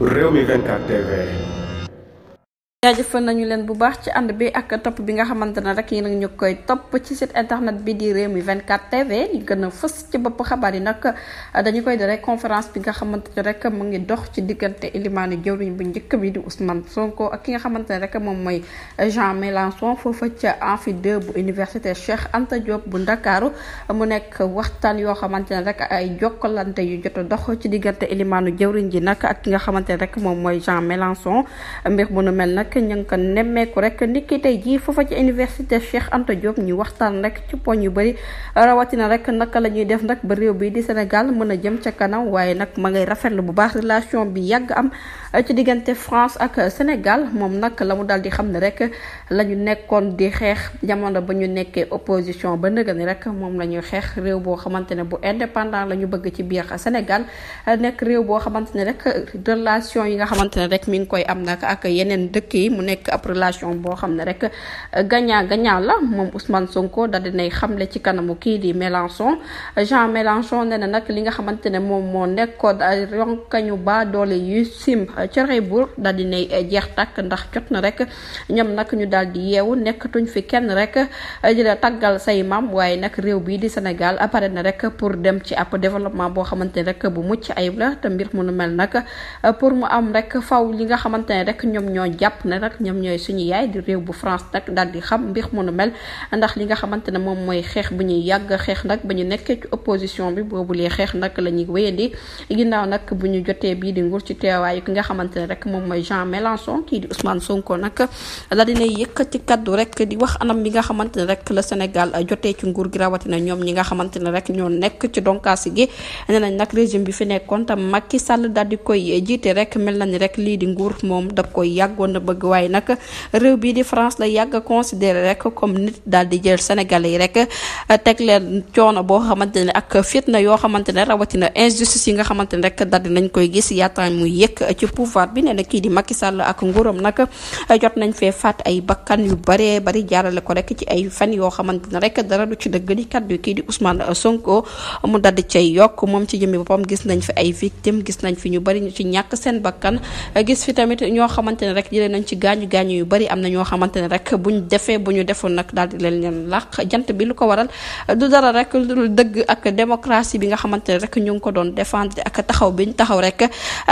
Rewmi 24 TV jaajëfal nañu leen bu baax ci ànd bi ak topp bi nga xamante ne rek yéen nag ñu koy topp ci site internet bi di réew mi 24 TV li gën a fës ci bopp xabaar yi nag dañu koy di conférence bi nga xamante ne rek mu ngi dox ci diggante Elimane jëwriñ bu njëkk bi di Ousmane Sonko ak ki nga xamante ne rek moom mooy Jean Mélenchon foofa ca amphi 2 bu université Cheikh Anta Diop bu Ndakaaru mu nekk waxtaan yoo xamante ne rek ay jokkalante yu jot a dox ci diggante Elimane jëwriñ ji nag ak ki nga xamante ne rek moom mooy Jean Mélenchon mbir bu nu mel nag. rek ñu ngi ko nemmeeku rek niki tey jii foofa ci université Cheikh Anta Diop ñu waxtaan rek ci poñ yu bëri rawatina rek naka la ñuy def nag ba réew bi di Sénégal mën a jëm ca kanam waaye nag ma ngay rafetlu bu baax relation bi yàgg am eh, ci diggante France ak Sénégal moom nag la mu daal di xam ne rek lañu nekkoon di xeex jamono ba ñu nekkee opposition ba nëga ni rek moom la ñuy xeex réew boo xamante ne bu indépendant la ñu bëgg ci biir Sénégal eh, nekk réew boo xamante rek relation koy am nag ak yeneen dëkk bi mu nekk ab relation boo xam ne rek euh, gagnant gagnant la moom Ousmane Sonko daal dinay xamle ci kanamu kii di Mélenchon Jean Mélenchon nee na nag li nga xamante ne moom moo nekkoon ay ronkañu ba doole yu sim euh, cere buur daal dinay euh, jeex tàkk ndax jot na rek ñoom nag ñu daal di yeewu nekkatuñ fi kenn rek di la say maam waaye nag réew bii di Sénégal apare na rek pour dem ci ab développement boo xamante ne rek bu mucc ayib la te mbir mu mel nag pour mu am rek faw li nga xamante rek ñoom ñoo jàpp ne nag ñoom ñooy suñu yaay di réew bu France nag daal di xam mbir mu mel ndax li nga xamante ne moom mooy xeex bu ñu yàgg xeex nag ba ñu nekkee ci opposition bi boobu lee xeex nag la ñuy wéyandi ginnaaw nag bu ñu jotee bii di ci teewaayu ki nga xamante ne rek moom mooy Jean Mélenchon kii di Ousmane Sonko nag la dina yëkkati kaddu rek di wax anam bi nga xamante ne rek la Sénégal jotee ci nguur gi rawatina ñoom ñi nga xamante ne rek ñoo nekk ci donkaasi gi nee nañ nag régime bi fi nekkoon tam Macky Sall daal di koy jiite rek mel na rek lii di nguur moom daf koy yàggoon ba bëgg waaye nag réew bii di France la yàgg considéré rek comme nit daal di jël Sénégalais yi rek euh, teg leen coono boo xamante ne ak fitna yoo xamante rawatina injustice yi nga xamante ne rek daal di nañ koy gis yaataan muy yëkk ci pouvoir bi nee na kii di Macky Sall ak nguuram nag euh, jot nañ fee faat ay bakkan yu baree bari jaarale ko rek ci ay fan yoo xamante ne rek dara du ci dëgg di kaddu kii di Ousmane Sonko mu daal di cay yokk moom ci jëmmi boppam gis nañ fi ay victimes gis nañ fi ñu bari ñu ci ñàkk seen bakkan euh, gis fi tamit ñoo xamante rek jëlee nañ leen ci gaañu gaañu yu bari am na ñoo xamante ne rek buñ defee bu ñu defoon nag daal di leen leen làq jant bi lu ko waral du dara rek lu dëgg ak démocratie bi nga xamante ne rek ñu ngi ko doon défendre ak taxaw biñ taxaw rek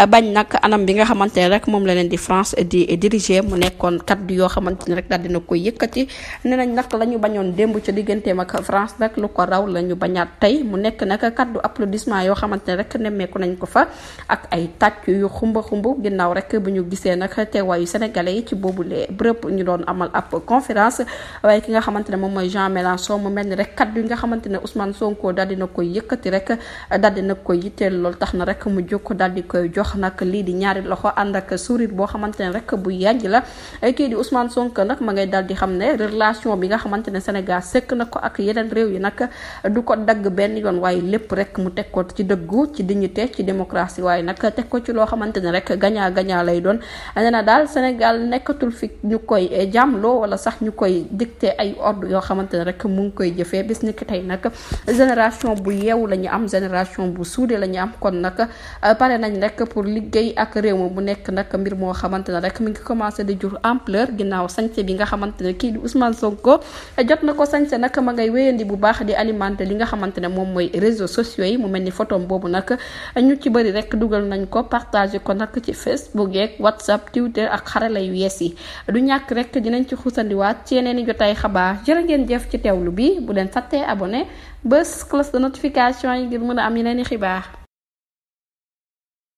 bañ nag anam bi nga xamante ne rek moom la leen di France di diriger mu nekkoon kaddu yoo xamante ne rek daal dina ko yëkkati nee nañ nag lañu bañoon démb ci digganteem ak France nag lu ko raw lañu ñu bañaat tey mu nekk nag kaddu applaudissement yoo xamante ne rek nemmeeku nañ ko fa ak ay tàcc yu xumba xumb ginnaaw rek bu ñu gisee nag teewaayu Sénégal sénégalais yi ci boobule bërëb ñu doon amal ab conférence waaye ki nga xamante ne moom mooy Jean soo mu mel ni rek kaddu yi nga xamante ne Ousmane Sonko daal dina koy yëkkati rek daal nag koy yitteel loolu tax na rek mu jóg daal di koy jox nag lii di ñaari loxo ànd ak sourire boo xamante ne rek bu yànj la kii di Ousmane Sonko nag ma ngay daal di xam ne relation bi nga xamante ne Sénégal sëkk na ko ak yeneen réew yi nag du ko dagg benn yoon waaye lépp rek mu teg ko ci dëggu ci dignité ci démocratie waaye nag teg ko ci loo xamante ne rek gagnant gagnant lay doon nee na daal Sénégal Sénégal nekkatul fi ñu koy eh, jàmloo wala sax ñu koy dicté ay ordre yoo xamante ne rek mu ngi koy jëfee bis ni ki tey nag génération bu yeewu la ñu am génération bu suudee la ñu am kon nag eh, pare nañ rek pour liggéey ak réew mi bu nekk nag mbir moo xamante ne rek mi ngi commencé di jur ampleur ginnaaw sañse bi nga xamante ne kii di Ousmane ko eh, jot na ko sañse nag ma ngay wéyandi bu baax di alimenté li nga xamante ne moom mooy réseaux sociaux yi mu mel ni photo boobu nag ñu ci bëri rek dugal nañ ko partagé ko nag ci Facebook yeeg WhatsApp yu yees yi du ñàkk rek dinañ ci xusandiwaat ci yeneen i jotaay xabaar jërë ngeen jëf ci teewlu bi bu leen fàttee abonné bés cloche de notification yi ngir mën a am yeneen xibaar